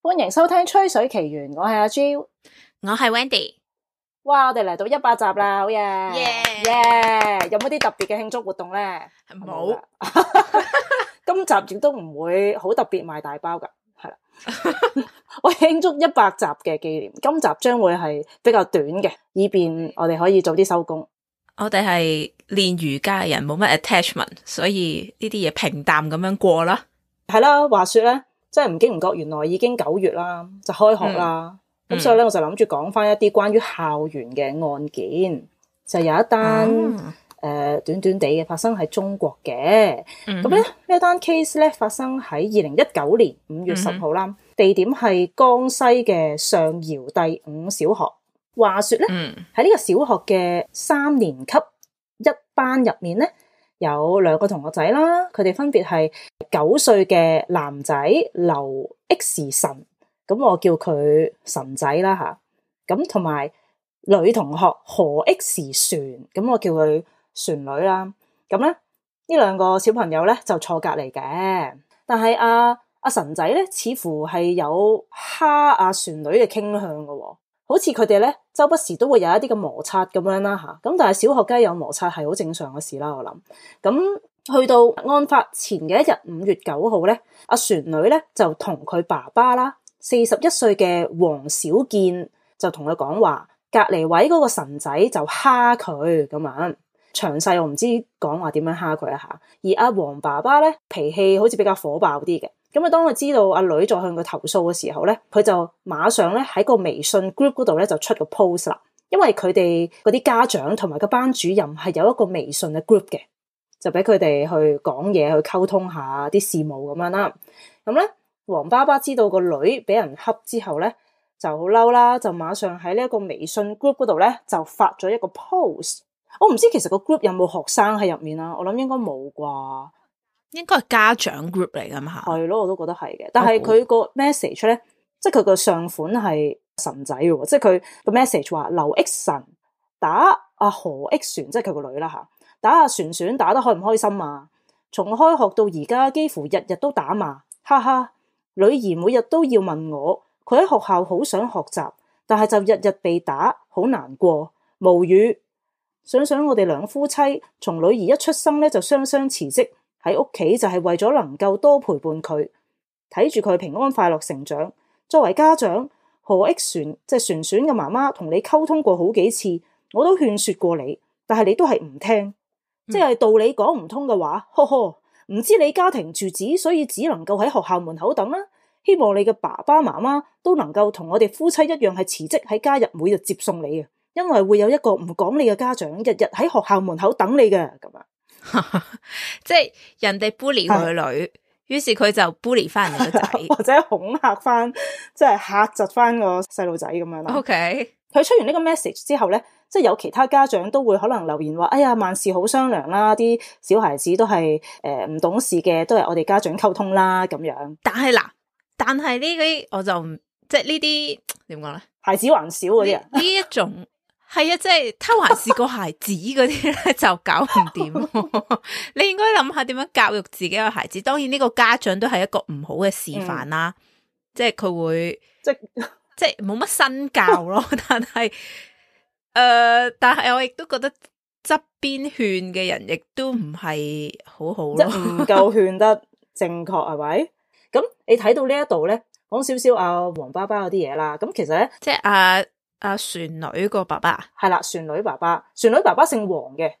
歡迎收聽《吹水奇緣》，我係阿嬌，我係 Wendy。哇，我哋嚟到一百集啦，好耶！耶！有冇啲特別嘅慶祝活動呢？冇。今集亦都唔會好特別，賣大包噶。係啦， 我慶祝一百集嘅紀念，今集將會係比較短嘅，以便我哋可以早啲收工。我哋係練瑜伽嘅人，冇乜 attachment，所以呢啲嘢平淡咁樣過啦。係啦，話說咧，真係唔經唔覺，原來已經九月啦，就開學啦。咁、嗯、所以咧，我就諗住講翻一啲關於校園嘅案件，就有一單。嗯誒、呃，短短地嘅發生喺中國嘅，咁咧、嗯、哼呢一單 case 咧發生喺二零一九年五月十號啦，嗯、哼地點係江西嘅上饒第五小學。話說咧，喺呢、嗯、個小學嘅三年級一班入面咧，有兩個同學仔啦，佢哋分別係九歲嘅男仔劉 X 神，咁我叫佢神仔啦吓，咁同埋女同學何 X 船，咁我叫佢船女啦，咁咧呢兩個小朋友咧就坐隔離嘅，但係阿阿神仔咧似乎係有蝦阿、啊、船女嘅傾向喎、哦。好似佢哋咧周不時都會有一啲嘅摩擦咁樣啦、啊、吓。咁但係小學雞有摩擦係好正常嘅事啦。我諗咁去到案發前嘅一日五月九號咧，阿、啊、船女咧就同佢爸爸啦，四十一歲嘅黃小健就同佢講話，隔離位嗰個神仔就蝦佢咁樣。詳細我唔知講話點樣蝦佢一下，而阿黃爸爸咧脾氣好似比較火爆啲嘅，咁啊當佢知道阿女再向佢投訴嘅時候咧，佢就馬上咧喺個微信 group 嗰度咧就出個 post 啦，因為佢哋嗰啲家長同埋個班主任係有一個微信嘅 group 嘅，就俾佢哋去講嘢去溝通下啲事務咁樣啦。咁咧黃爸爸知道個女俾人恰之後咧就好嬲啦，就馬上喺呢一個微信 group 嗰度咧就發咗一個 post。我唔知其實個 group 有冇學生喺入面啦，我諗應該冇啩，應該係家長 group 嚟噶嘛，係咯，我都覺得係嘅。但係佢個 message 咧，即係佢個上款係神仔嘅，即係佢個 message 話劉 X 神打阿、啊、何 X 璇，即係佢個女啦吓，打阿璇璇打得開唔開心啊？從開學到而家，幾乎日日都打罵，哈哈！女兒每日都要問我，佢喺學校好想學習，但係就日日被打，好難過，無語。想想我哋兩夫妻從女兒一出生咧就雙雙辭職喺屋企，就係為咗能夠多陪伴佢，睇住佢平安快樂成長。作為家長何 X 船，即係、就是、船船嘅媽媽同你溝通過好幾次，我都勸說過你，但係你都係唔聽，嗯、即係道理講唔通嘅話，呵呵，唔知你家庭住址，所以只能夠喺學校門口等啦、啊。希望你嘅爸爸媽媽都能夠同我哋夫妻一樣係辭職喺家入每日接送你嘅。因為會有一個唔講理嘅家長，日日喺學校門口等你嘅咁啊，樣 即係人哋 bully 佢女，於是佢的就 bully 翻人哋嘅仔，或者恐吓翻，即係吓窒翻個細路仔咁樣啦。O K，佢出完呢個 message 之後咧，即係有其他家長都會可能留言話：，哎呀，萬事好商量啦，啲小孩子都係誒唔懂事嘅，都係我哋家長溝通啦咁樣。但係嗱，但係呢啲我就唔，即係呢啲點講咧？孩子還小嗰啲啊，呢一種。 係啊，即係他還是個孩子嗰啲咧，就搞唔掂。 你應該諗下點樣教育自己嘅孩子。當然呢個家長都係一個唔好嘅示範啦。嗯、即係佢會即即冇乜新教咯。 但係誒、呃，但係我亦都覺得側邊勸嘅人亦都唔係好好咯即，唔夠 勸得正確係咪？咁你睇到這呢一度咧，講少少阿黃爸爸嗰啲嘢啦。咁其實咧，即係、啊、阿。阿船女個爸爸係啦，船女爸爸，船女爸爸姓黃嘅，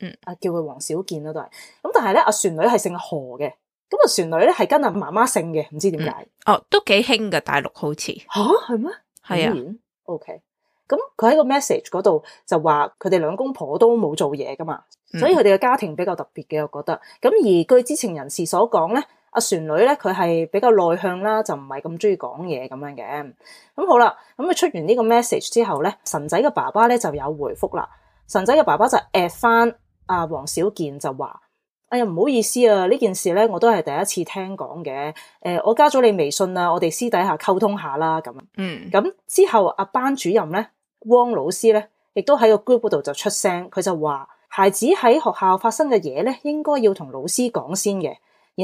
嗯，啊叫佢黃小健啦都係咁，但係咧，阿船女係姓何嘅，咁啊船女咧係跟阿媽媽姓嘅，唔知點解、嗯、哦，都幾興噶，大陸好似，吓？係咩？係啊，OK，咁佢喺個 message 嗰度就話佢哋兩公婆都冇做嘢噶嘛，嗯、所以佢哋嘅家庭比較特別嘅，我覺得咁而據知情人士所講咧。阿旋女咧，佢係、啊、比較內向啦，就唔係咁中意講嘢咁樣嘅。咁好啦，咁佢出完呢個 message 之後咧，神仔嘅爸爸咧就有回覆啦。神仔嘅爸爸就 at 翻阿黃小健就話：哎呀，唔好意思啊，呢件事咧我都係第一次聽講嘅。誒、呃，我加咗你微信啊，我哋私底下溝通下啦，咁嗯，咁之後阿班主任咧，汪老師咧，亦都喺個 group 嗰度就出聲，佢就話：孩子喺學校發生嘅嘢咧，應該要同老師講先嘅。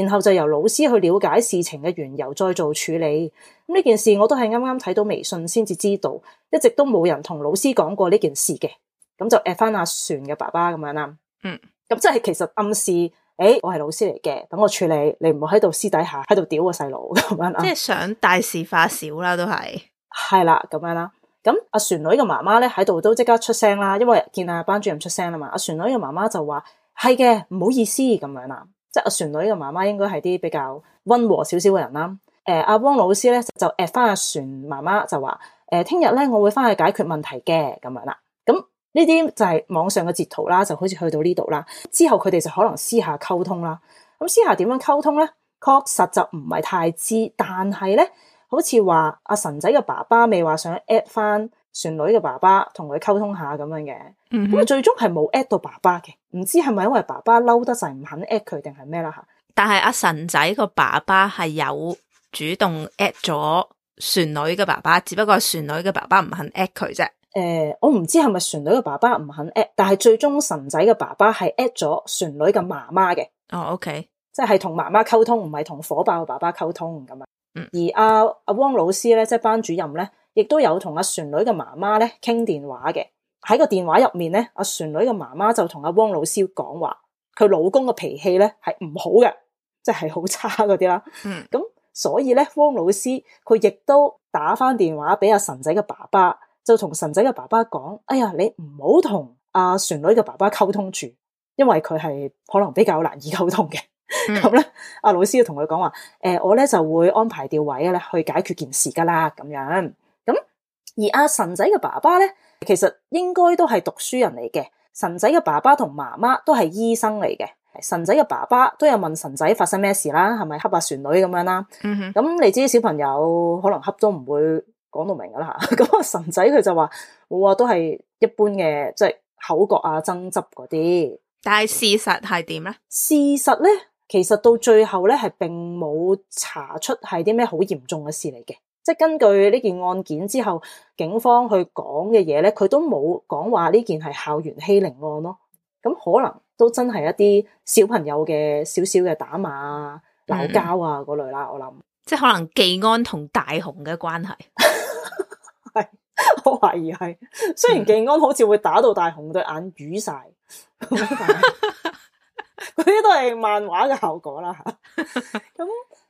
然後就由老師去了解事情嘅緣由，再做處理。咁呢件事我都係啱啱睇到微信先至知道，一直都冇人同老師講過呢件事嘅。咁就 at 翻阿璇嘅爸爸咁樣啦。嗯，咁即係其實暗示，誒、哎，我係老師嚟嘅，等我處理，你唔好喺度私底下喺度屌個細路咁樣啦。就是、即係想大事化小啦，都係係啦，咁樣啦。咁阿璇女嘅媽媽咧喺度都即刻出聲啦，因為見阿班主任出聲啦嘛，阿、啊、璇女嘅媽媽就話：係嘅，唔好意思咁樣啦。即阿船女嘅媽媽，應該係啲比較温和少少嘅人啦。誒、呃，阿汪老師咧就 at 翻阿船媽媽就話，誒、呃，聽日咧我會翻去解決問題嘅咁樣啦。咁呢啲就係網上嘅截圖啦，就好似去到呢度啦。之後佢哋就可能私下溝通啦。咁私下點樣溝通咧？確實就唔係太知，但係咧，好似話阿神仔嘅爸爸未話想 at 翻。旋女嘅爸爸同佢溝通一下咁樣嘅，咁、mm hmm. 最終係冇 at 到爸爸嘅，唔知係咪因為爸爸嬲得晒唔肯 at 佢定係咩啦吓？是但係阿神仔個爸爸係有主動 at 咗旋女嘅爸爸，只不過旋女嘅爸爸唔肯 at 佢啫。誒、呃，我唔知係咪旋女嘅爸爸唔肯 at，但係最終神仔嘅爸爸係 at 咗旋女嘅媽媽嘅。哦、oh,，OK，即係同媽媽溝通，唔係同火爆嘅爸爸溝通咁、mm. 啊。嗯。而阿阿汪老師咧，即係班主任咧。亦都有同阿旋女嘅媽媽咧傾電話嘅，喺個電話入面咧，阿旋女嘅媽媽就同阿汪老師講話，佢老公嘅脾氣咧係唔好嘅，即係好差嗰啲啦。咁、嗯、所以咧，汪老師佢亦都打翻電話俾阿神仔嘅爸爸，就同神仔嘅爸爸講，哎呀，你唔好同阿旋女嘅爸爸溝通住，因為佢係可能比較難以溝通嘅。咁咧、嗯，阿、啊、老師就同佢講話，呃、我咧就會安排調位咧去解決件事㗎啦，咁樣。而阿、啊、神仔嘅爸爸咧，其實應該都係讀書人嚟嘅。神仔嘅爸爸同媽媽都係醫生嚟嘅。神仔嘅爸爸都有問神仔發生咩事啦，係咪恰阿船女咁樣啦？咁、嗯、哼你知道小朋友可能恰都唔會講到明噶啦吓。咁、嗯、哼啊神仔佢就話，冇啊都係一般嘅，即、就、係、是、口角啊爭執嗰啲。但係事實係點咧？事實咧，其實到最後咧係並冇查出係啲咩好嚴重嘅事嚟嘅。即根據呢件案件之後，警方去講嘅嘢咧，佢都冇講話呢件係校園欺凌案咯。咁可能都真係一啲小朋友嘅小小嘅打罵啊、鬧交啊嗰類啦。我諗，即係可能技安同大雄嘅關係，係 我懷疑係。雖然技安好似會打到大雄對眼瘀晒，嗰啲 都係漫畫嘅效果啦。吓 咁。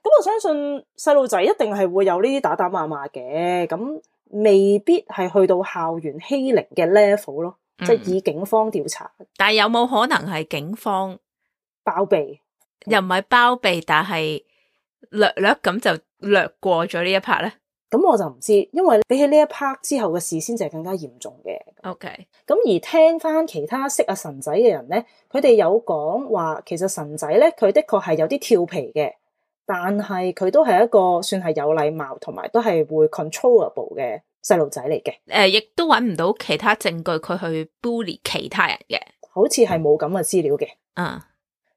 咁我相信細路仔一定係會有呢啲打打罵罵嘅，咁未必係去到校園欺凌嘅 level 咯。嗯、即係以警方調查，但係有冇可能係警方包庇？又唔係包庇，嗯、但係略略咁就略過咗呢一 part 咧？咁我就唔知道，因為比起呢一 part 之後嘅事，先就係更加嚴重嘅。OK，咁而聽翻其他識阿神仔嘅人咧，佢哋有講話，其實神仔咧，佢的確係有啲調皮嘅。但係佢都係一個算係有禮貌，同埋都係會 controllable 嘅細路仔嚟嘅。誒，亦都揾唔到其他證據，佢去 bully 其他人嘅，好似係冇咁嘅資料嘅。嗯、啊，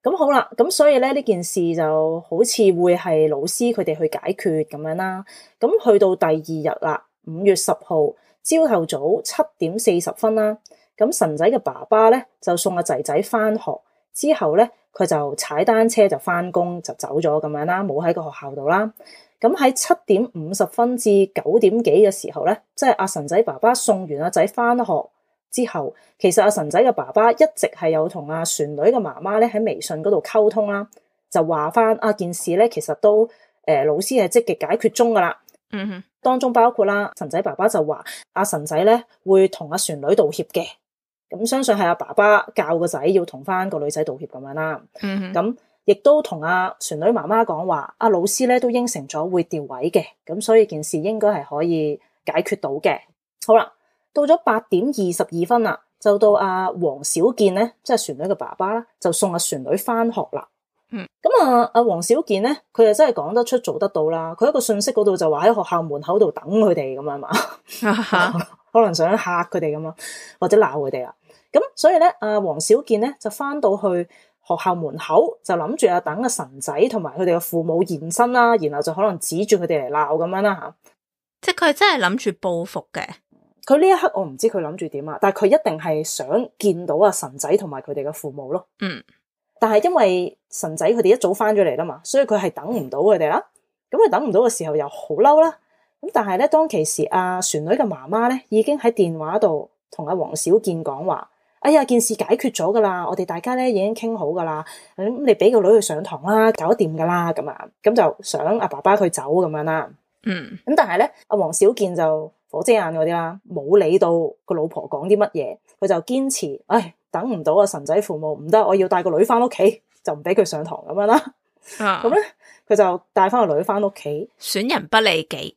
咁好啦，咁所以咧，呢件事就好似會係老師佢哋去解決咁樣啦。咁去到第二日啦，五月十號朝頭早七點四十分啦。咁神仔嘅爸爸咧就送阿仔仔翻學之後咧。佢就踩單車就翻工就走咗咁樣啦，冇喺個學校度啦。咁喺七點五十分至九點幾嘅時候咧，即係阿神仔爸爸送完阿仔翻學之後，其實阿神仔嘅爸爸一直係有同阿船女嘅媽媽咧喺微信嗰度溝通啦，就話翻啊件事咧，其實都誒老師係積極解決中噶啦。嗯哼、mm，hmm. 當中包括啦，神仔爸爸就話阿神仔咧會同阿船女道歉嘅。咁、嗯、相信係阿爸爸教個仔要同翻個女仔道歉咁樣啦。咁亦都同阿船女媽媽講話，阿老師咧都應承咗會調位嘅。咁所以件事應該係可以解決到嘅。好啦，到咗八點二十二分啦，就到阿黃小健咧，即係船女嘅爸爸啦，就送阿船女翻學啦。Mm hmm. 嗯，咁啊，阿黃小健咧，佢又真係講得出做得到啦。佢一個信息嗰度就話喺學校門口度等佢哋咁樣嘛， 可能想嚇佢哋咁啊，或者鬧佢哋啊。咁所以咧，阿、啊、黃小健咧就翻到去學校門口，就諗住啊等阿神仔同埋佢哋嘅父母現身啦、啊，然後就可能指住佢哋嚟鬧咁樣啦、啊、吓。即係佢係真係諗住報復嘅。佢呢一刻我唔知佢諗住點啊，但係佢一定係想見到阿神仔同埋佢哋嘅父母咯。嗯，但係因為神仔佢哋一早翻咗嚟啦嘛，所以佢係等唔到佢哋啦。咁佢、嗯、等唔到嘅時候又好嬲啦。咁但係咧，當其時阿、啊、船女嘅媽媽咧已經喺電話度同阿黃小健講話。哎呀，件事解決咗噶啦，我哋大家咧已經傾好噶啦。咁你俾個女去上堂啦，搞掂噶啦。咁啊，咁就想阿爸爸佢走咁樣啦。嗯。咁但係咧，阿黃小健就火遮眼嗰啲啦，冇理到個老婆講啲乜嘢，佢就堅持，唉，等唔到阿、啊、神仔父母，唔得，我要帶個女翻屋企，就唔俾佢上堂咁樣啦。咁咧，佢、嗯、就帶翻個女翻屋企，損人不利己。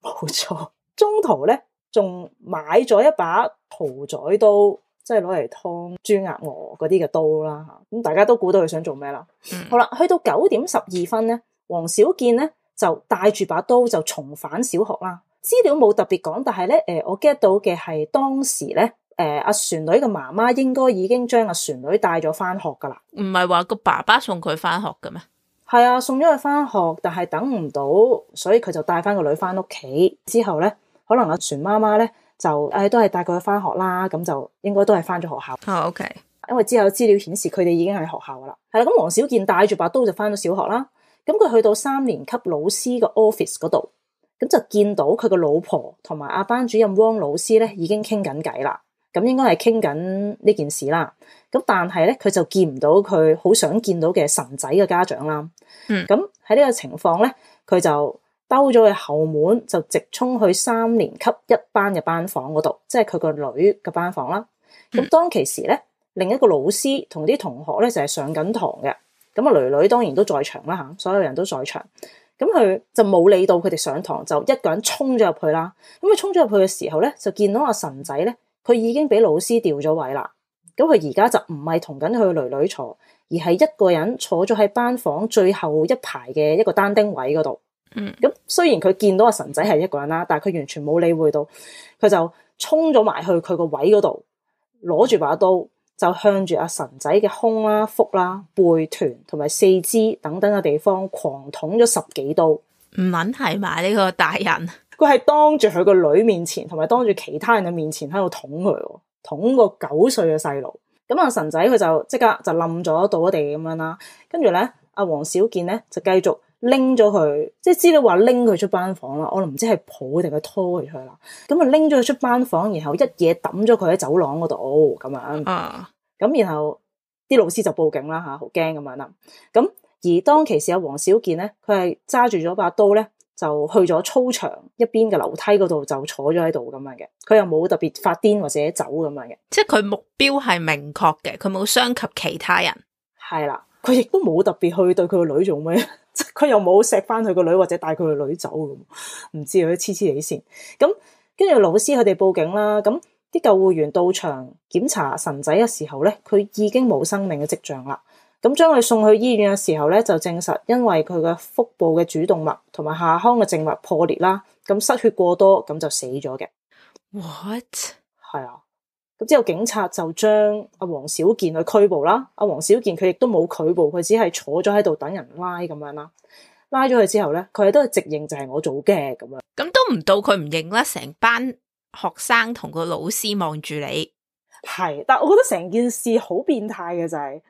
冇錯，中途咧仲買咗一把屠宰刀。即係攞嚟劏豬鴨鵝嗰啲嘅刀啦，咁大家都估到佢想做咩啦。嗯、好啦，去到九點十二分咧，黃小健咧就帶住把刀就重返小學啦。資料冇特別講，但係咧，誒我 get 到嘅係當時咧，誒阿璇女嘅媽媽應該已經將阿璇女帶咗翻學噶啦。唔係話個爸爸送佢翻學嘅咩？係啊，送咗佢翻學，但係等唔到，所以佢就帶翻個女翻屋企。之後咧，可能阿、啊、璇媽媽咧。就誒，都係帶佢去翻學啦，咁就應該都係翻咗學校。Oh, OK，因為之後資料顯示佢哋已經喺學校噶啦。係啦，咁黃小健帶住把刀就翻到小學啦。咁佢去到三年級老師嘅 office 嗰度，咁就見到佢個老婆同埋阿班主任汪老師咧，已經傾緊偈啦。咁應該係傾緊呢件事啦。咁但係咧，佢就見唔到佢好想見到嘅神仔嘅家長啦。嗯，咁喺呢個情況咧，佢就。兜咗去後門，就直衝去三年級一班嘅班房嗰度，即係佢個女嘅班房啦。咁、嗯、當其時咧，另一個老師同啲同學咧，就係、是、上緊堂嘅。咁阿囡囡當然都在場啦，吓，所有人都在場。咁佢就冇理到佢哋上堂，就一個人衝咗入去啦。咁佢衝咗入去嘅時候咧，就見到阿神仔咧，佢已經俾老師調咗位啦。咁佢而家就唔係同緊佢嘅囡囡坐，而係一個人坐咗喺班房最後一排嘅一個單丁位嗰度。嗯，咁雖然佢見到阿神仔係一個人啦，但係佢完全冇理會到，佢就衝咗埋去佢個位嗰度，攞住把刀就向住阿神仔嘅胸啦、啊、腹啦、啊、背、臀同埋四肢等等嘅地方狂捅咗十幾刀。唔穩係埋呢個大人，佢係當住佢個女面前，同埋當住其他人嘅面前喺度捅佢，捅個九歲嘅細路。咁阿神仔佢就即刻就冧咗倒咗地咁樣啦。跟住咧，阿黃小健咧就繼續。拎咗佢，即係知道話拎佢出班房啦。我唔知係抱定佢拖佢去啦。咁啊拎咗佢出班房，然後一嘢抌咗佢喺走廊嗰度，咁樣。咁、啊、然後啲老師就報警啦，吓好驚咁樣啦。咁而當其時阿黃小健咧，佢係揸住咗把刀咧，就去咗操場一邊嘅樓梯嗰度就坐咗喺度咁樣嘅。佢又冇特別發癲或者走咁樣嘅。即係佢目標係明確嘅，佢冇傷及其他人。係啦，佢亦都冇特別去對佢個女做咩。佢又冇錫翻佢個女，或者帶佢個女走咁，唔知佢黐黐哋線。咁跟住老師佢哋報警啦。咁啲救護員到場檢查神仔嘅時候咧，佢已經冇生命嘅跡象啦。咁將佢送去醫院嘅時候咧，就證實因為佢嘅腹部嘅主動脈同埋下腔嘅靜脈破裂啦，咁失血過多，咁就死咗嘅。What？係啊。之後警察就將阿黃小健去拘捕啦，阿黃小健佢亦都冇拒捕，佢只係坐咗喺度等人拉咁樣啦。拉咗佢之後咧，佢都係直認就係我做嘅咁樣。咁都唔到佢唔認啦，成班學生同個老師望住你，係。但係我覺得成件事好變態嘅就係、是，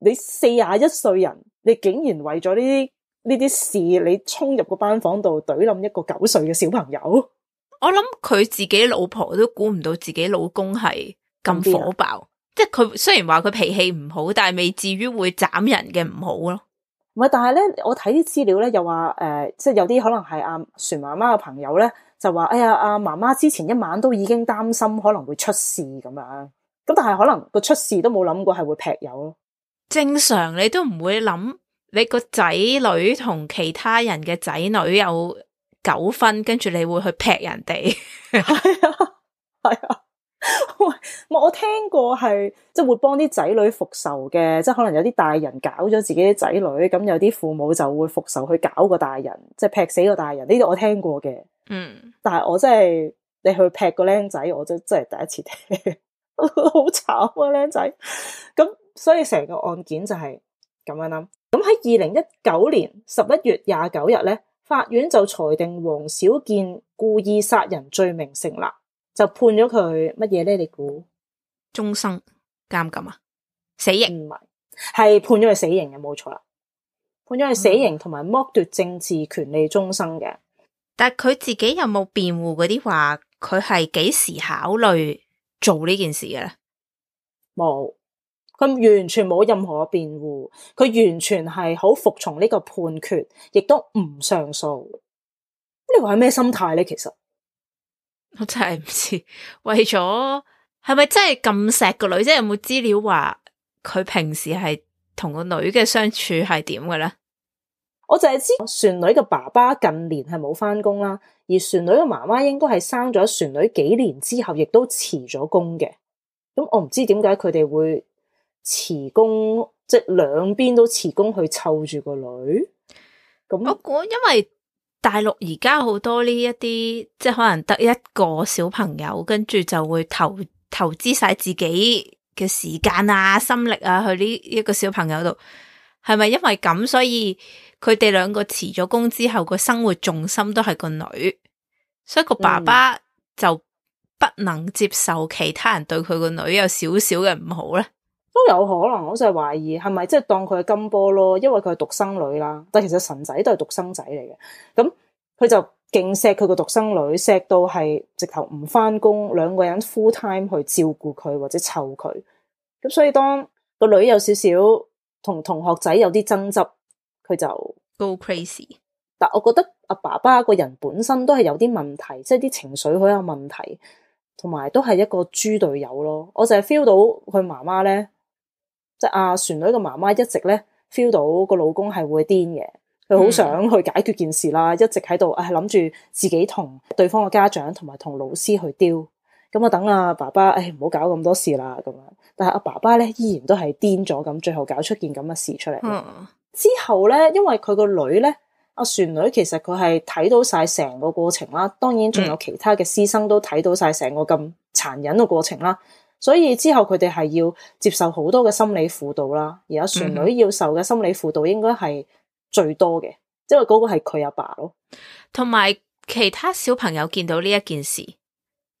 你四十一歲人，你竟然為咗呢啲呢啲事，你衝入個班房度懟冧一個九歲嘅小朋友。我諗佢自己老婆都估唔到自己老公係咁火爆，即係佢雖然話佢脾氣唔好，但係未至於會斬人嘅唔好咯。唔係，但係咧，我睇啲資料咧，又話誒、呃，即係有啲可能係阿船媽媽嘅朋友咧，就話哎呀，阿媽媽之前一晚都已經擔心可能會出事咁樣，咁但係可能個出事都冇諗過係會劈友咯。正常你都唔會諗你個仔女同其他人嘅仔女有。九分，跟住你會去劈人哋？係 啊，係啊。我聽過係即係會幫啲仔女復仇嘅，即係可能有啲大人搞咗自己啲仔女，咁有啲父母就會復仇去搞個大人，即係劈死個大人。呢啲我聽過嘅，嗯。但係我真係你去劈個僆仔，我真真係第一次聽，好 慘啊僆仔。咁所以成個案件就係咁樣啦。咁喺二零一九年十一月廿九日咧，法院就裁定王小健故意殺人罪名成立，就判咗佢乜嘢咧？你估終生？監禁啊？死刑唔係，係、嗯、判咗佢死刑嘅，冇錯啦。判咗佢死刑同埋剝奪政治權利終生嘅。但係佢自己有冇辯護嗰啲話？佢係幾時考慮做呢件事嘅咧？冇。咁完全冇任何嘅辯護，佢完全係好服從呢個判決，亦都唔上訴。你話係咩心態咧？其實我真係唔知。為咗係咪真係咁錫個女？即係有冇資料話佢平時係同個女嘅相處係點嘅咧？我就係知船女嘅爸爸近年係冇返工啦，而船女嘅媽媽應該係生咗船女幾年之後，亦都辭咗工嘅。咁我唔知點解佢哋會。辭工即係兩邊都辭工去湊住個女，咁不過因為大陸而家好多呢一啲即係可能得一個小朋友，跟住就會投投資晒自己嘅時間啊、心力啊去呢一個小朋友度，係咪因為咁所以佢哋兩個辭咗工之後個生活重心都係個女，所以個爸爸、嗯、就不能接受其他人對佢個女有少少嘅唔好咧。都有可能，我就係懷疑係咪即係當佢係金波咯，因為佢係獨生女啦。但係其實神仔都係獨生仔嚟嘅，咁佢就勁錫佢個獨生女，錫到係直頭唔翻工，兩個人 full time 去照顧佢或者湊佢。咁所以當個女有少少同同學仔有啲爭執，佢就 go crazy。但我覺得阿爸爸個人本身都係有啲問題，即係啲情緒好有問題，同埋都係一個豬隊友咯。我就係 feel 到佢媽媽咧。即阿旋女嘅媽媽一直咧 feel 到個老公係會癲嘅，佢好想去解決件事啦，嗯、一直喺度誒諗住自己同對方嘅家長同埋同老師去屌，咁啊等阿爸爸誒唔好搞咁多事啦咁樣。但係阿爸爸咧依然都係癲咗，咁最後搞出件咁嘅事出嚟。嗯、之後咧，因為佢個女咧，阿旋女其實佢係睇到晒成個過程啦，當然仲有其他嘅師生都睇到晒成個咁殘忍嘅過程啦。所以之後佢哋係要接受好多嘅心理輔導啦，而家船女要受嘅心理輔導應該係最多嘅，因為嗰個係佢阿爸咯。同埋、嗯、哼其他小朋友見到呢一件事，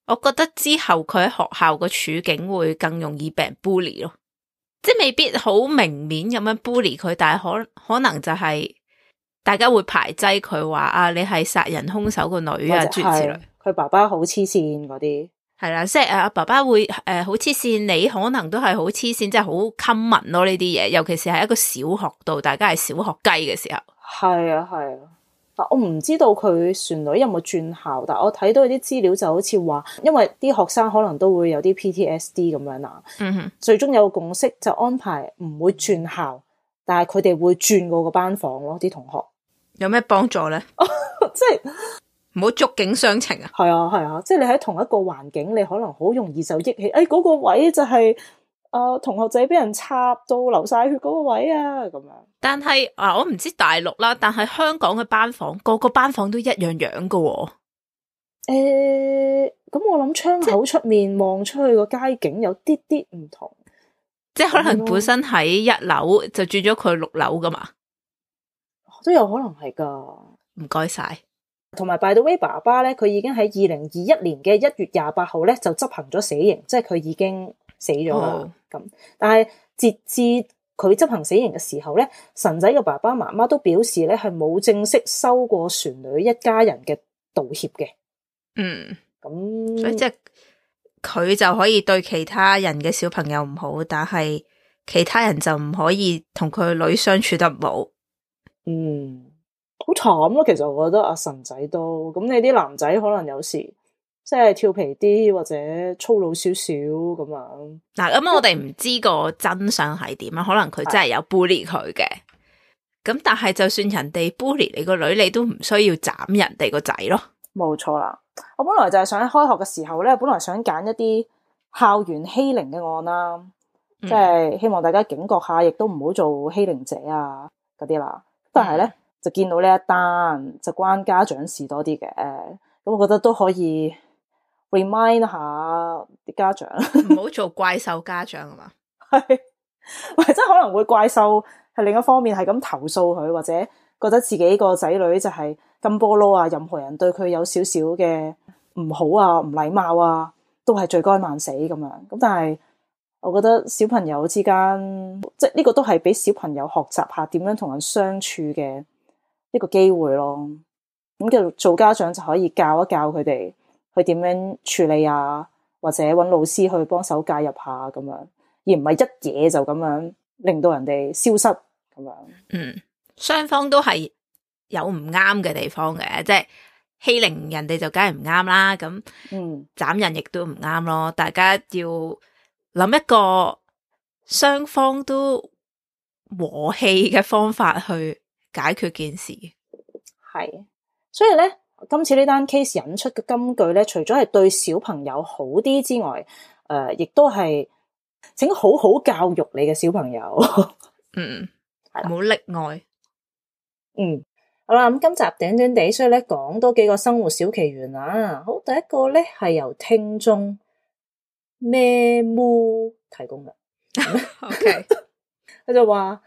我覺得之後佢喺學校嘅處境會更容易被人 bully 咯，即係未必好明面咁樣 bully 佢，但係可可能就係大家會排擠佢話啊，你係殺人兇手個女，就是、啊絕之類，佢爸爸好黐線嗰啲。係啦，即係阿爸爸會誒好黐線，你可能都係好黐線，即係好冚文咯呢啲嘢，尤其是係一個小學度，大家係小學雞嘅時候。係啊係啊，啊我唔知道佢孫女有冇轉校，但係我睇到啲資料就好似話，因為啲學生可能都會有啲 PTSD 咁樣啦。嗯哼，最終有個共識就安排唔會轉校，但係佢哋會轉過個班房咯，啲同學有咩幫助咧？即係。唔好觸景傷情啊！係啊，係啊，即係你喺同一個環境，你可能好容易就憶起，誒、哎、嗰、那個位就係、是、誒、呃、同學仔俾人插到流晒血嗰個位啊！咁樣。但係啊，我唔知大陸啦，但係香港嘅班房，個個班房都一樣樣噶、哦。誒、欸，咁我諗窗口出面望即出去個街景有啲啲唔同，即係可能本身喺一樓就住咗佢六樓噶嘛，都有可能係噶。唔該晒。同埋拜到威爸爸咧，佢已經喺二零二一年嘅一月廿八號咧就執行咗死刑，即係佢已經死咗啦。咁、哦、但係截至佢執行死刑嘅時候咧，神仔嘅爸爸媽媽都表示咧係冇正式收過船女一家人嘅道歉嘅。嗯，咁樣所以即係佢就可以對其他人嘅小朋友唔好，但係其他人就唔可以同佢女相處得唔好。嗯。好慘咯，其實我覺得阿神仔都咁，你啲男仔可能有時即係調皮啲或者粗魯少少咁樣。嗱，咁我哋唔知個真相係點啊，可能佢真係有 bully 佢嘅。咁是的 但係就算人哋 bully 你個女，你都唔需要斬人哋個仔咯。冇錯啦，我本來就係想開學嘅時候咧，本來想揀一啲校園欺凌嘅案啦，即係、嗯、希望大家警覺下，亦都唔好做欺凌者啊嗰啲啦。但係咧。嗯就見到呢一單，就關家長事多啲嘅。咁我覺得都可以 remind 下啲家長，唔好做怪獸家長啊嘛。係， 或者真可能會怪獸係另一方面係咁投訴佢，或者覺得自己個仔女就係金菠蘿啊，任何人對佢有少少嘅唔好啊、唔禮貌啊，都係罪該萬死咁樣。咁但係我覺得小朋友之間，即係呢個都係俾小朋友學習下點樣同人相處嘅。一個機會咯，咁就做家長就可以教一教佢哋去點樣處理啊，或者揾老師去幫手介入下咁樣，而唔係一嘢就咁樣令到人哋消失咁樣。嗯，雙方都係有唔啱嘅地方嘅，即係欺凌人哋就梗係唔啱啦，咁，嗯，斬人亦都唔啱咯。大家要諗一個雙方都和氣嘅方法去解決件事。係，所以咧，今次呢單 case 引出嘅金句咧，除咗係對小朋友好啲之外，誒、呃，亦都係請好好教育你嘅小朋友，嗯，唔好溺愛。例外嗯，好啦，咁今集短短地，所以咧講多幾個生活小奇懸啦。好，第一個咧係由聽眾咩 mo 提供嘅、嗯、 ，OK，佢 就話。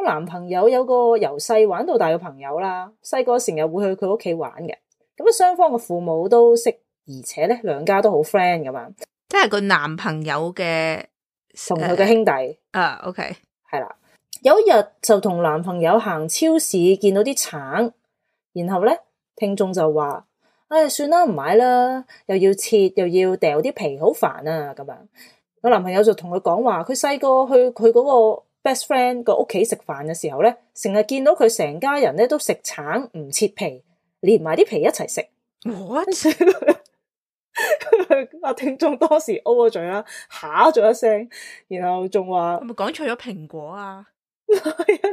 我男朋友有個由細玩到大嘅朋友啦，細個成日會去佢屋企玩嘅。咁啊，雙方嘅父母都識，而且咧兩家都好 friend 咁啊。即係個男朋友嘅同佢嘅兄弟。啊，OK，係啦。有一日就同男朋友行超市，見到啲橙，然後咧聽眾就話：，唉、哎，算啦，唔買啦，又要切，又要掉啲皮，好煩啊！咁啊，我男朋友就同佢講話：，佢細個去佢嗰個。best friend 個屋企食飯嘅時候咧，成日見到佢成家人咧都食橙唔切皮，連埋啲皮一齊食。我阿 What? 聽眾當時 O 咗嘴啦，嚇咗一聲，然後仲話係咪講錯咗蘋果啊？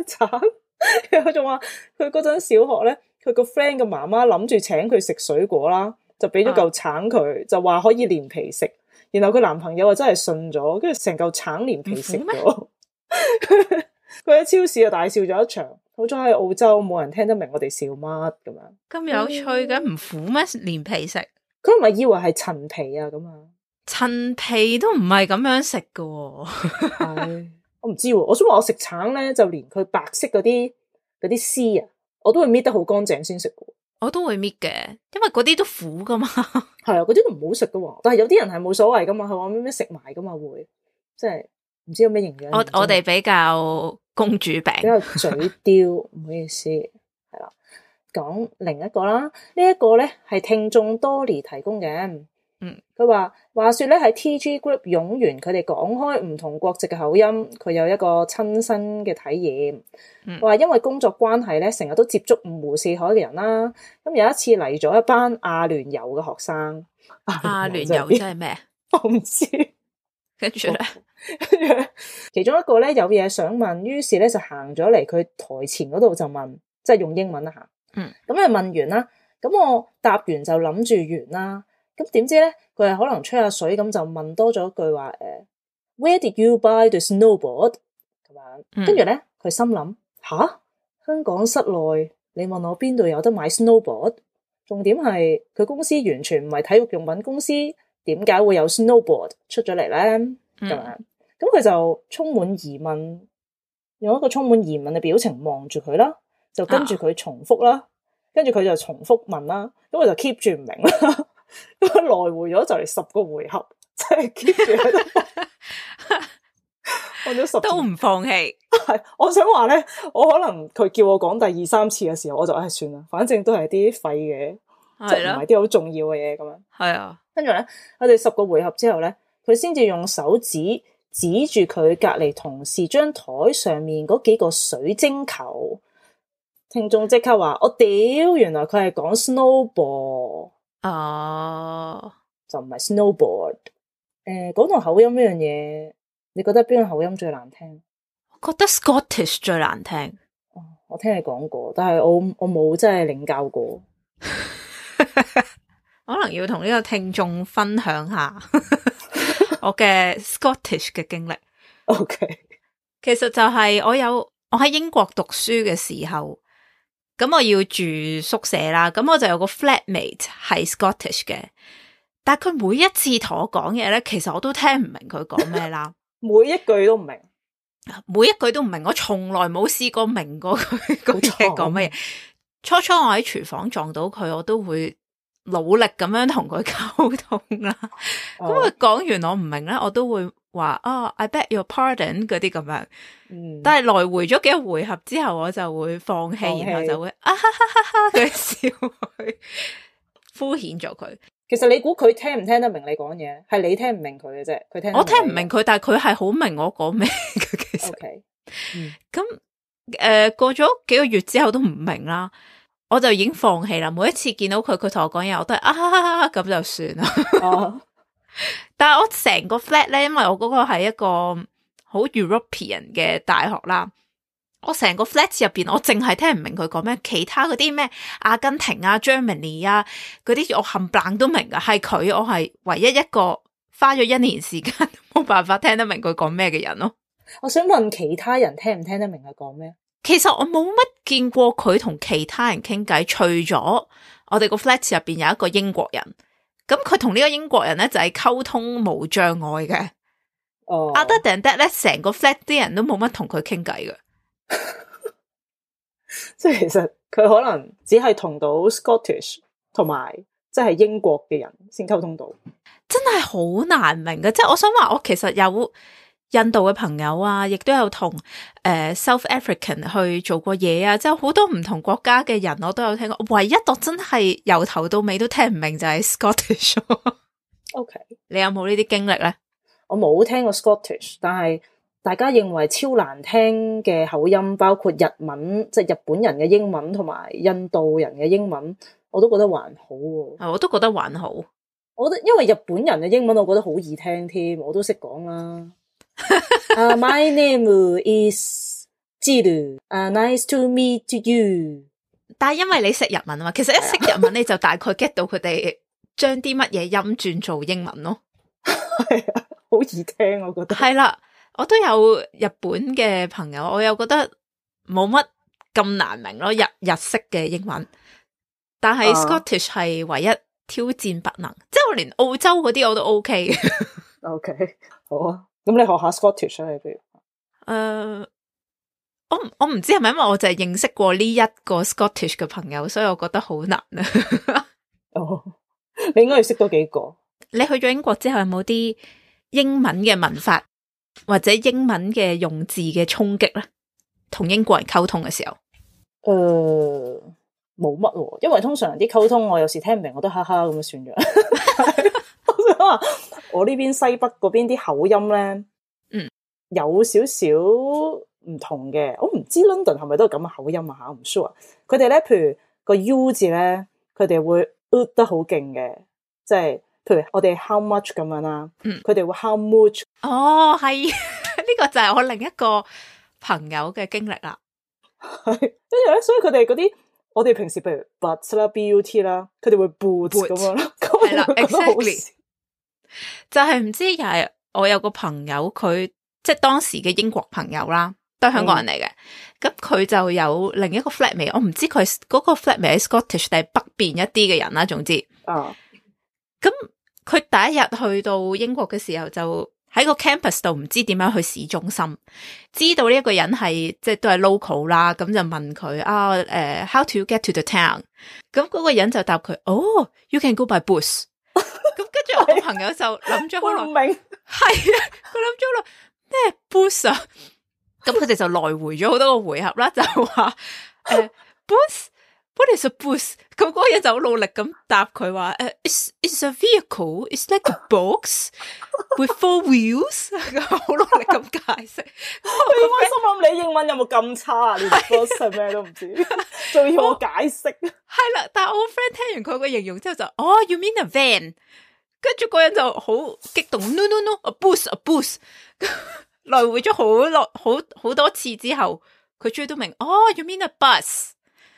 橙， 然後仲話佢嗰陣小學咧，佢個 friend 個媽媽諗住請佢食水果啦，就俾咗嚿橙佢，uh、就話可以連皮食。然後佢男朋友啊真係信咗，跟住成嚿橙連皮食咗。Uh huh. 佢喺 超市就大笑咗一場，好彩喺澳洲冇人聽得明我哋笑乜咁樣。咁有趣嘅唔、嗯、苦咩？連皮食？佢唔係以為係陳皮啊？咁啊？陳皮都唔係咁樣食嘅、哦。 我唔知、啊。我想話我食橙咧，就連佢白色嗰啲嗰啲絲啊，我都會搣得好乾淨先食。我都會搣嘅，因為嗰啲都苦噶嘛。係 啊，嗰啲都唔好食噶、啊。但係有啲人係冇所謂噶嘛，係話咩咩食埋噶嘛，會即係。唔知有咩營養？我我哋比較公主病，比較嘴刁，唔好意思，係啦。講另一個啦，呢一個咧係聽衆多尼提供嘅，嗯，佢話話說咧係 T G Group 傭員，佢哋講開唔同國籍嘅口音，佢有一個親身嘅體驗。話因為工作關係咧，成日都接觸五湖四海嘅人啦。咁有一次嚟咗一班阿聯酋嘅學生，阿聯酋真係咩？我唔知。跟住咧，跟住，其中一個咧有嘢想問，於是咧就行咗嚟佢台前嗰度就問，即係用英文行，吓。嗯，咁啊問完啦，咁我答完就諗住完啦，咁點知咧佢係可能吹下水咁就問多咗句話，誒，Where did you buy the snowboard？同埋，跟住咧佢心諗吓？香港室內你問我邊度有得買 snowboard？重點係佢公司完全唔係體育用品公司。點解會有 snowboard 出咗嚟咧？咁樣咁佢就充滿疑問，用一個充滿疑問嘅表情望住佢啦，就跟住佢重複啦，啊，跟住佢就重複問啦，咁我就 keep 住唔明啦，咁 啊來回咗就嚟十個回合，真係 keep 住喺度，玩咗十都唔放棄。係 我想話咧，我可能佢叫我講第二三次嘅時候，我就唉、哎、算啦，反正都係啲廢嘅，即係唔係啲好重要嘅嘢咁樣。係啊的。 跟住咧，我哋十個回合之後咧，佢先至用手指指住佢隔籬同事張台上面嗰幾個水晶球。聽眾即刻話：我、哦、屌，原來佢係講 snowboard 啊、uh，就唔係 snowboard。誒，講到口音呢樣嘢，你覺得邊個口音最難聽？我覺得 Scottish 最難聽。哦，我聽你講過，但係我我冇真係領教過。 可能要同呢個聽眾分享下我嘅 Scottish 嘅經歷。 OK，其實就係我有我喺英國讀書嘅時候，咁我要住宿舍啦，咁我就有個 flatmate 係 Scottish 嘅，但係佢每一次同我講嘢咧，其實我都聽唔明佢講咩啦， 每一句都唔明，每一句都唔明，我從來冇試過明過佢講嘢講咩。慘初初我喺廚房撞到佢，我都會。努力咁樣同佢溝通啦，咁佢講完我唔明咧，我都會話啊、oh, I beg your pardon 嗰啲咁樣，mm. 但係來回咗幾個回合之後，我就會放棄，Okay. 然後就會哈哈哈佢笑， 敷衍咗佢、嗯。其實你估佢聽唔聽得明你講嘢？係你聽唔明佢嘅啫，佢聽我聽唔明佢，但係佢係好明我講咩。嘅 OK，咁誒過咗幾個月之後都唔明啦。我就已經放棄啦！每一次見到佢，佢同我講嘢，我都係啊咁、啊啊、就算啦。 哦。但係我成個 flat 咧，因為我嗰個係一個好 European 嘅大學啦。我成個 flat 入邊，我淨係聽唔明佢講咩，其他嗰啲咩阿根廷啊、Germany 啊，嗰啲我冚唪唥都明噶。係佢，我係唯一一個花咗一年時間冇辦法聽得明佢講咩嘅人咯。我想問其他人聽唔聽得明佢講咩？其實我冇乜見過佢同其他人傾偈，除咗我哋個 flat 入邊有一個英國人，咁佢同呢個英國人咧就係、是、溝通無障礙嘅。Other than that 咧，成個 flat 啲人都冇乜同佢傾偈嘅。即係 其實佢可能只係同到 Scottish 同埋即係英國嘅人先溝通到，真係好難明嘅。即係我想話，我其實有。印度嘅朋友啊，亦都有同誒、呃、South African 去做過嘢啊，即係好多唔同國家嘅人，我都有聽過。唯一度真係由頭到尾都聽唔明就係 Scottish，啊。OK，你有冇呢啲經歷呢？我冇聽過 Scottish，但係大家認為超難聽嘅口音，包括日文，即係日本人嘅英文同埋印度人嘅英文，我都覺得還好，啊哦。我都覺得還好。我覺得因為日本人嘅英文，我覺得好易聽添，我都識講啦。 uh, my name is Jil、uh,。a nice to meet you。但係因為你識日文啊嘛，其實一識日文你就大概 get 到佢哋將啲乜嘢音轉做英文咯。係 啊，好易聽我覺得。係啦、 啊，我都有日本嘅朋友，我又覺得冇乜咁難明咯，日日式嘅英文。但係 Scottish 係、uh, 唯一挑戰不能，即係我連澳洲嗰啲我都 OK。 OK，好啊。咁你學下 Scottish 咧？誒、uh,，我我唔知係咪因為我就係認識過呢一個 Scottish 嘅朋友，所以我覺得好難、啊。哦 ，oh, 你應該要識多幾個。 你去咗英國之後，有冇啲英文嘅文法或者英文嘅用字嘅衝擊咧？同英國人溝通嘅時候，誒冇乜喎，因為通常啲溝通我有時聽唔明，我都哈哈咁樣算咗。 我呢邊西北嗰邊啲口音咧，嗯，有少少唔同嘅。我唔知 London 係咪都係咁嘅口音啊？吓，唔 sure。佢哋咧，譬如個 U 字咧，佢哋會 o 得好勁嘅，即係譬如我哋 how much 咁樣啦，佢哋、嗯、會 how much。哦，係呢 個就係我另一個朋友嘅經歷啦。跟住咧，所以佢哋嗰啲，我哋平時譬如 but 啦，but 啦，佢哋會 boot 咁 But. 樣咯，係啦 exactly 就係唔知又係我有個朋友佢即係當時嘅英國朋友啦，都係香港人嚟嘅。咁佢、嗯、就有另一個 flatmate 我唔知佢嗰、那個 flatmate 喺 Scottish 定係北邊一啲嘅人啦。總之，哦，咁佢第一日去到英國嘅時候，就喺個 campus 度唔知點樣去市中心。知道呢一個人係即係都係 local 啦，咁就問佢啊，誒、oh, uh,，how do you get to the town？咁嗰個人就答佢，哦、oh,，you can go by bus。我朋友就諗咗好耐，係啊，佢諗咗咯咩 bus 啊。h 在咁上面，佢哋就來回咗好多個回合啦，就話誒 bus what is a bus 咁嗰個人就好努力咁答佢話誒、uh,，it's it's a vehicle，it's like a box with four wheels，好在上面在上面 努力咁解釋。我心諗在上面你英文有冇咁差啊？連 bus 係咩都唔知，仲要我解釋。係啦，但係我 friend 聽完佢個形容之後就哦，you mean a van？跟住個人就好激動，no no no，a boost，a boost，, a boost 來回咗好多好好多次之後，佢終於都明，哦、oh,，you mean a bus？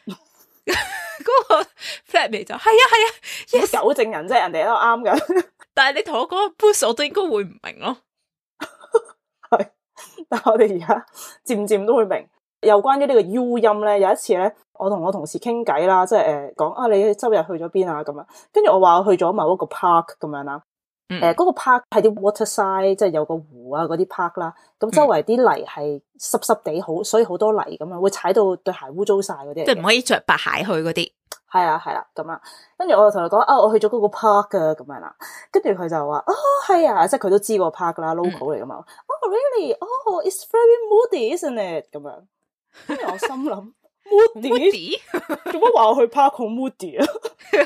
嗰 個 flat 尾就係、sí、啊係、sí、啊，yes。有證人啫，人哋都啱㗎。 但係你同我講 boost，我都應該會唔明咯。係 但係我哋而家漸漸都會明。有關於呢個 u 音咧，有一次咧。我同我同事傾偈啦，即係誒講啊，你周日去咗邊啊？咁啊，跟住我話我去咗某一個 park 咁樣啦。誒、嗯，嗰、欸那個 park 係啲 waterside，即係有個湖啊嗰啲 park 啦。咁周圍啲泥係濕濕地，好所以好多泥咁啊，會踩到對鞋污糟晒嗰啲。即係唔可以着白鞋去嗰啲。係啊，係啊，咁啊。跟住我就同佢講啊，我去咗嗰個 park 噶咁樣啦。跟住佢就話：哦，係啊，即係佢都知個 park、嗯、啦，local 嚟㗎嘛。哦、oh, really? Oh, it's very moody, isn't it? 咁樣跟住我心諗。 Muddy，做乜話我去 park 好 muddy 啊？跟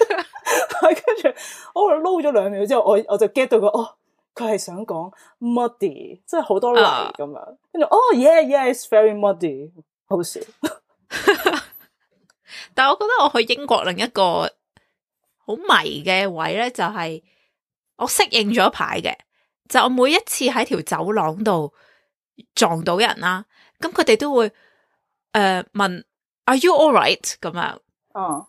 住 我撈咗兩秒之後，我我就 get 到個哦，佢係想講 muddy，即係好多泥咁樣。跟住、uh, 哦，yeah yeah，it's very muddy，好笑。 但係我覺得我去英國另一個好迷嘅位咧，就係、是、我適應咗一排嘅。就是、我每一次喺條走廊度撞到人啦、啊，咁佢哋都會誒、呃、問。Are you all right？咁樣，哦，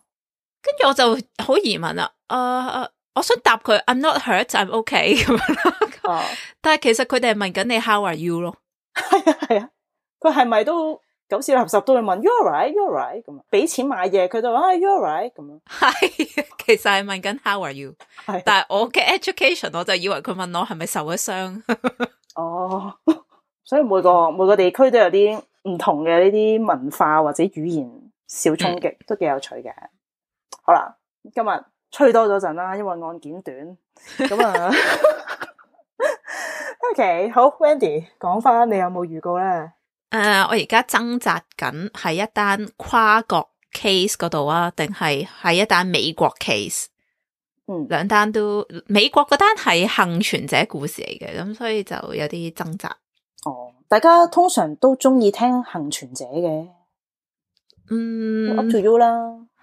跟住我就好疑問啦。誒誒，我想答佢，I'm not hurt，I'm okay 咁樣咯。哦，但係其實佢哋係問緊你，How are you？咯，係啊係啊，佢係咪都狗屎垃圾都會問，You all right，You all right 咁啊？俾錢買嘢，佢就話，You all right 咁樣。係，其實係問緊 How are you？係，但係我嘅 education，我就以為佢問我係咪受咗傷。哦，所以每個每個地區都有啲。唔同嘅呢啲文化或者語言小衝擊，都幾有趣嘅。嗯、好啦，今日吹多咗陣啦，因為案件短，咁啊。 OK，好，Wendy 講翻，你有冇預告咧？誒、呃，我而家掙扎緊係一單跨國 case 嗰度啊，定係喺一單美國 case？嗯，兩單都美國嗰單係幸存者故事嚟嘅，咁所以就有啲掙扎。大家通常都中意聽幸存者嘅，嗯，Up to you 啦，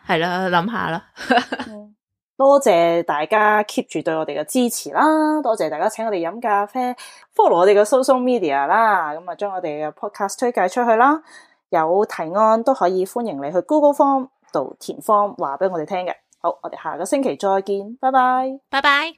係啦，諗下啦、 嗯。多謝大家 keep 住對我哋嘅支持啦，多謝大家請我哋飲咖啡，follow 我哋嘅 social media 啦，咁啊將我哋嘅 podcast 推介出去啦，有提案都可以歡迎你去 Google Form 度填 form，話俾我哋聽嘅。好，我哋下個星期再見，拜拜，拜拜。